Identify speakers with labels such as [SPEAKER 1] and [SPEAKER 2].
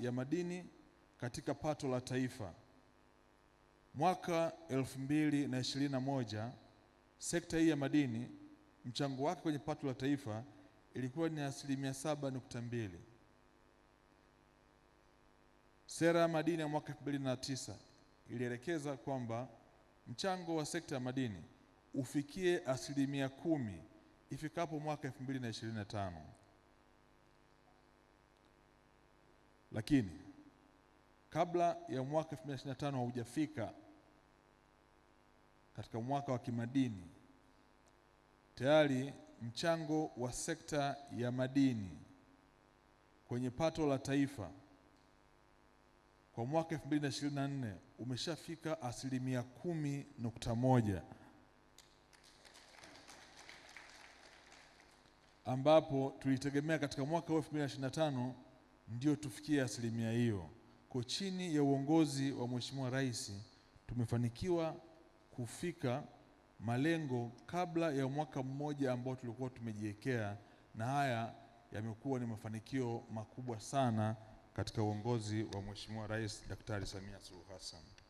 [SPEAKER 1] ya madini katika pato la taifa. Mwaka 2021 sekta hii ya madini mchango wake kwenye pato la taifa ilikuwa ni asilimia saba nukta mbili. Sera ya madini ya mwaka 2009 ilielekeza kwamba mchango wa sekta ya madini ufikie asilimia kumi ifikapo mwaka 2025. Lakini kabla ya mwaka 2025 haujafika, katika mwaka wa kimadini tayari mchango wa sekta ya madini kwenye pato la taifa kwa mwaka 2024 umeshafika asilimia kumi nukta moja ambapo tulitegemea katika mwaka wa 2025 ndio tufikie asilimia hiyo. Kwa chini ya uongozi wa Mheshimiwa Rais tumefanikiwa kufika malengo kabla ya mwaka mmoja ambao tulikuwa tumejiwekea, na haya yamekuwa ni mafanikio makubwa sana katika uongozi wa Mheshimiwa Rais Daktari Samia Suluhu Hassan.